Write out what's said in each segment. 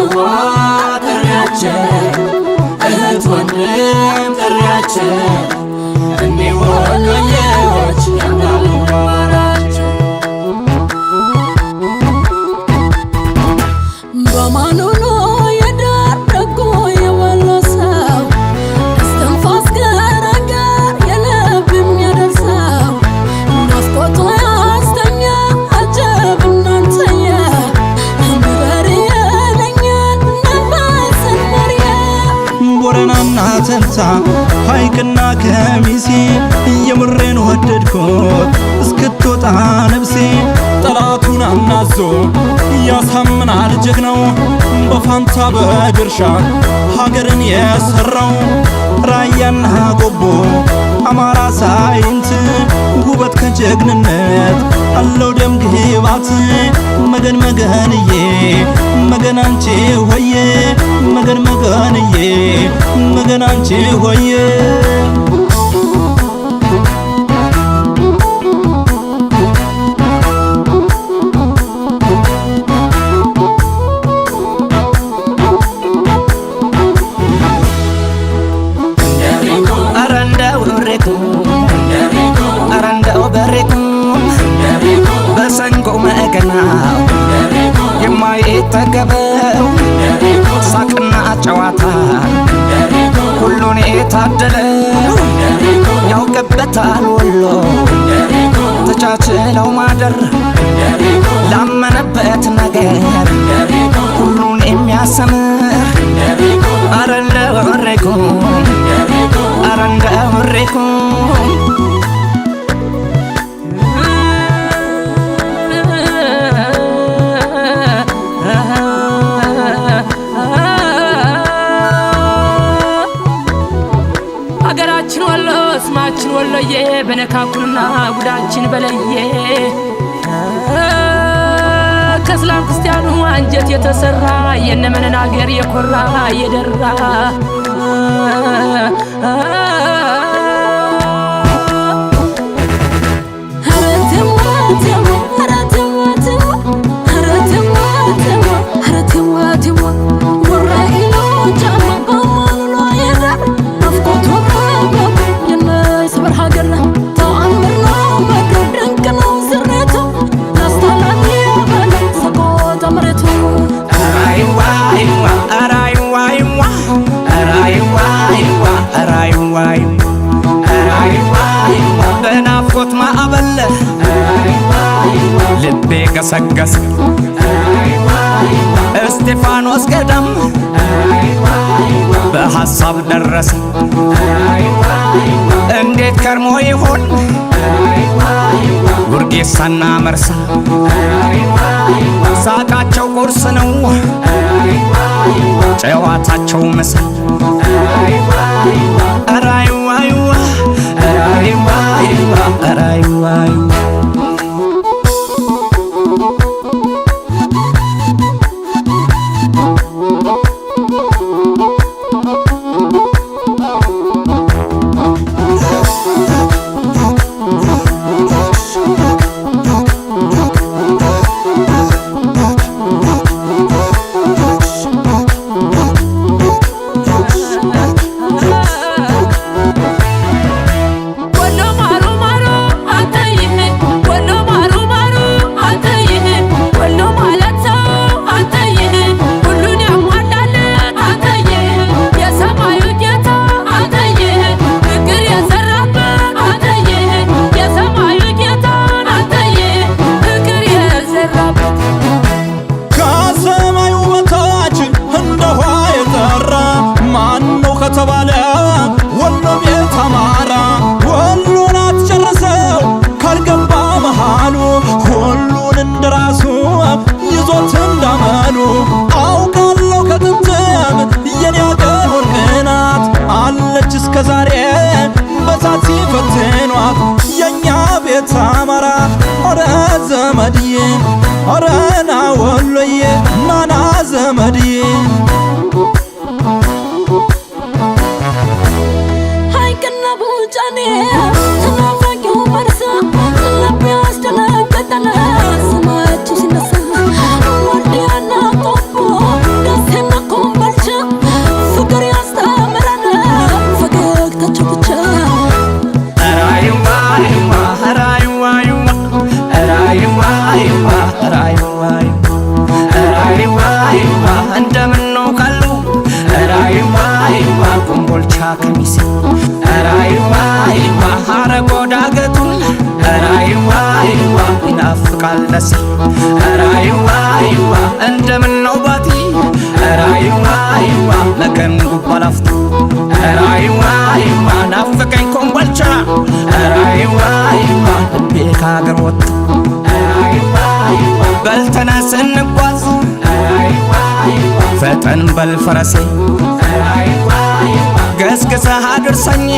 ጽዋ ጥሪያችን እህት ወንድም ጥሪያችን ተንሳ ሐይቅና ከሚሴ እየምሬን ወደድኮት እስክትወጣ ነብሴ ጠላቱን አናዞ ያሳምናል ጀግናው በፋንታ በድርሻ ሀገርን የሰራው ራያና ቆቦ አማራ ሳይንት ውበት ከጀግንነት አለው ደም ግባት መገን መገንዬ መገን አንቺ ሆዬ መገን መገንዬ 结欢颜。የታደለ ያውቅበታል ወሎ ተቻችለው ማደር ላመነበት ነገር ሁሉን የሚያሰምር አረ እንደው እሬኮ አረ ጉዳችን ወሎዬ በነካኩልና ጉዳችን በለየ ከእስላም ክርስቲያኑ አንጀት የተሰራ የነመነን አገር የኮራ የደራ ዋይ በናፍቆት ማዕበል ልቤ ገሰገሰ እስጢፋኖስ ገዳም በሐሳብ ደረሰ እንዴት ከርሞ ይሆን ውርጌሳና መርሳ ሳቃቸው ቁርስ ነው ጨዋታቸው ምሳ ይናፍቃል ነሳ ኧረ አይዋ እንደምን ነው ባቲ ኧረ አይዋ አይዋ ለከም ጉባላፍቶ ኧረ አይዋ አይዋ ናፍቀኝ ኮምቦልቻ ኧረ አይዋ አይዋ ልቤ ከአገር ወጥቶ በልተነ ስንጓዝ ፈጠን በል ፈረሴ ገስግሰህ አድርሰኝ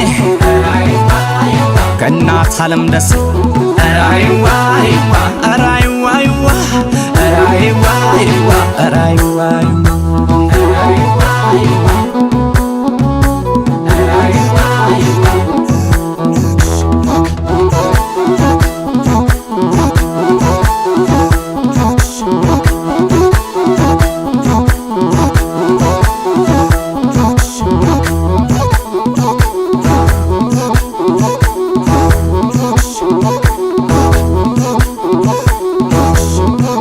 ከእናት ዓለም ደሴ Oh.